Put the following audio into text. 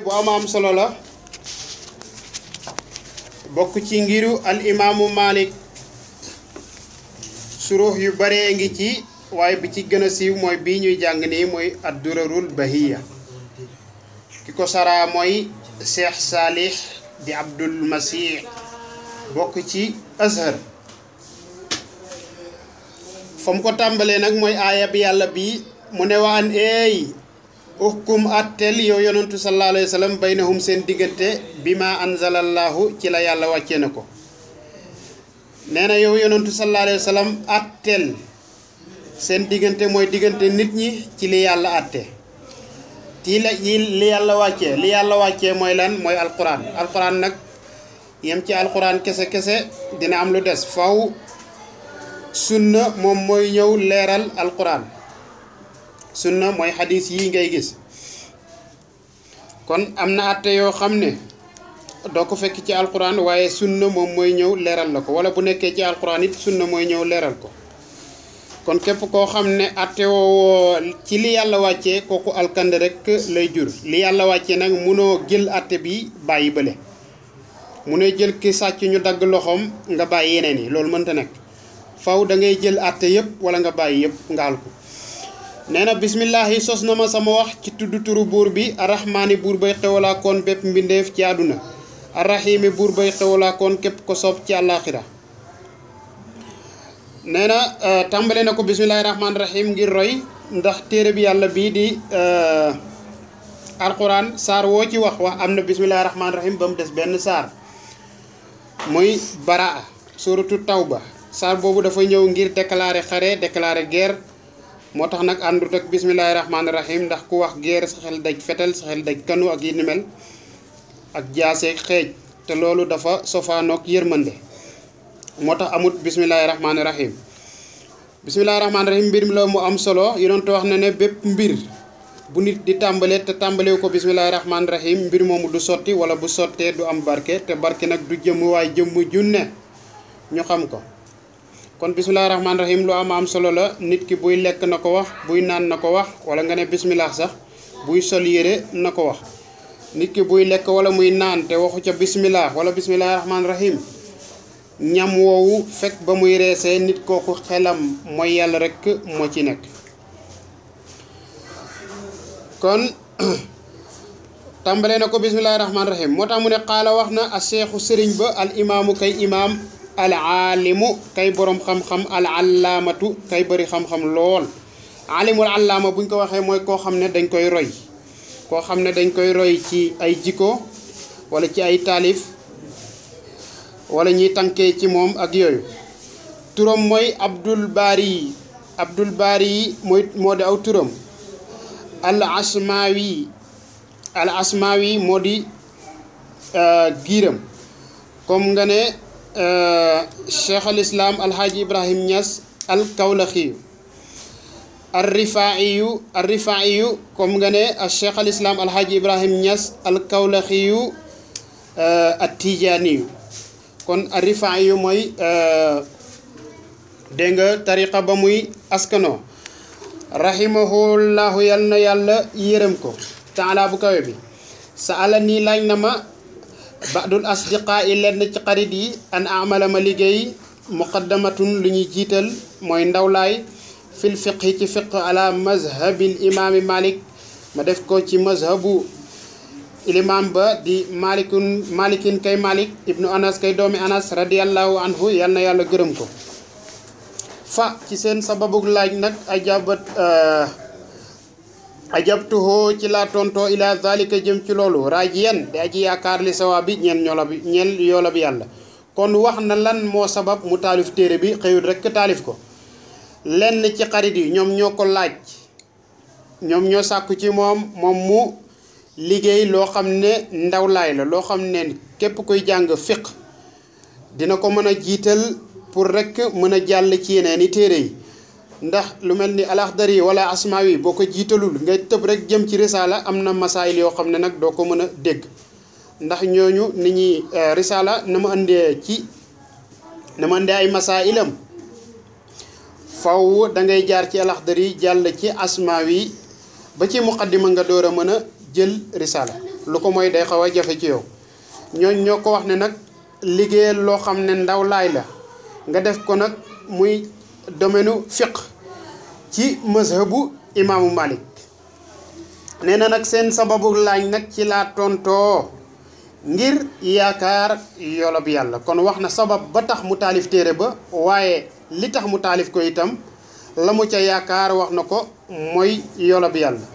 bu am am solo la bokk ci ngiru al imaamu Malik Suruh yu baree ngi ci waaye bi ci gën a siiw mooy ñuy jàng nii mooy bahiya ki ko saraa mooy Cheikh Salih di Abdul Masih bokk ci Azhar fa mu ko tàmbalee nag mooy aaya bi yàlla bi mu ne uxkum àtteel yow yonantu sallallahu alayhi wa sallam seen diggante bi ma anzalallahu ci la yàlla wàccee na ko nee na yow yonantu sallallahu alayhi wa seen diggante mooy diggante nit ñi ci li yàlla àtte ci yi li yàlla wàccee li yàlla wàccee mooy lan mooy alquran alquran nag yem ci alxuraan kese kese dina am lu des faw sunna moom mooy ñëw leeral alquran sunna mooy xadis yi ngay gis kon amna atté yo xamné xam ko fekk ci alquran waye sunna mom moy ñew leeral lako ko wala bu nekké ci alquran it sunna moy ñew leeral ko kon képp ko xamné atté wo ci li yalla wàccee koku alkand rek lay jur li yalla wàccee nak munoo gël atté bi bayyi bele mu jël ki sacc ñu dag loxom nga bayyi yeneen yi lool mënta nek faw da ngay jël atté yépp wala nga bayyi yépp ngaal ko Nena Bismillah, hisos ma sama wax ci tuddu turu bur bi arrahmani bur bay kon bépp mbindeef ci aduna arrahimi bur bay kon kep ko sop ci àllaaxira nee euh, tambale nako bismillahir rahmanir rahim ngir roy ndax tere bi yalla bi di euh, alquran sar wo ci wax wa amna bismillahir rahmanir rahim bam dess ben sar moy baraa baraa tauba sar bobu da fay ñew ngir déclarer xaré déclarer guerre motax nak nag àndut ak bismillahi rahmaani rahim ndax ku wax guerre sa xel daj fetel sa xel daj kanu ak yini mel ak jase xej te dafa sofa nok yermande motax amut Bismillahirrahmanirrahim rahmanir rahim bismillahir rahmanir rahim mbir mi lo mu am solo yonent wax na ne bepp mbir bu nit di tambale te tambale ko bismillahir rahmanir rahim mbir momu du soti wala bu sottee du am barke te barke nak du jëm waaye junne ñu xam ko kon bismillahir rahman rahim lu am am solo la nit ki buy lek nako wax buy nan nako wax wala nga ne bismillah sax buy sol yere nako wax nit ki buy lek wala muy nan te waxu ca bismillah wala bismillahir rahman rahim ñam woowu fek ba muy reesee nit koku xelam moy yalla rek mo ci nek kon tambale nako bismillahir rahmanir rahim motam mu ne qala waxna al sheikh serigne ba al imam kay Imam alaalimu kay borom xam-xam alallaamatu kay bëri xam-xam lool alimul allaama buñ ko waxee mooy koo xam ne dañ koy roy koo xam ne dañ koy roy ci ay jikko wala ci ay taalif wala ñuy tànkee ci moom ak yooyu turam mooy abdul baari yi abdul baari yi mooy moo di aw turam al asmaawi al asmaawi moo di giiram comme nga ne شيخ الإسلام الحاج إبراهيم نياس الكولخي الرفاعي الرفاعي كم غني الشيخ الإسلام الحاج إبراهيم نياس الكولخي التيجاني kon arrifaa yu mooy dégg nga tariqa ba muy askano rahimahullahu yal na yàlla yërëm ko taala bu kawe bi sa ala nii laaj na ma badul asdiqaa yi lenn ci xarit yi an amala ma liggéey muqaddamatun lu ñuy jiital mooy ndawlaay fil fiqhi ci fiq ala mazhabil imaami malik ma def ko ci mazhabu ilimam ba di malikun malikin kay malik ibnu anas kay doomi anas radiallahu anhu yal na yàlla gërëm ko fa ci seen sababug laaj nag ajabat ho ci la tonto ila zalika jëm ci lolu rajien de aji yakar li sawa ñen ñolo bi ñen yolo bi yalla kon wax na lan mo sabab mu talif tere bi xeyul rek talif ko len ci xarit yi ñom ñoko ko laaj ñom ño sakku ci mom mom mu liggey lo xamne ndaw lay la lo xamne kep koy jang fiq dina ko meuna jital pour rek meuna jall ci yeneeni tere yi ndax lu mel ni alaxdari wala asmaawi boo ko jiitalul ngay tëb rek jëm ci risaala am na masaayil yoo xam ne nag doo ko mën a dégg ndax ñooñu ni ñuy euh, risaala na mu andee ci na mu andee ay masaayilam faw dangay jaar ci alaxdari jàll ci asmaawi ba ci muqaddima nga door a mën a jël risaala lu ko mooy day xaw a jafe ci yow ñooñ ñoo ko wax ne nag liggéeyal loo xam ne ndaw laay la nga def ko nag muy domenu fiq ci mazhabu imaamu Malik nee na nag seen sababu laañ nag ci laa tontoo ngir yaakaar yolob yàlla kon wax na sabab ba tax mu taalif téere ba waaye li tax mu taalif ko itam la mu ca yaakaar wax na ko mooy yolob yàlla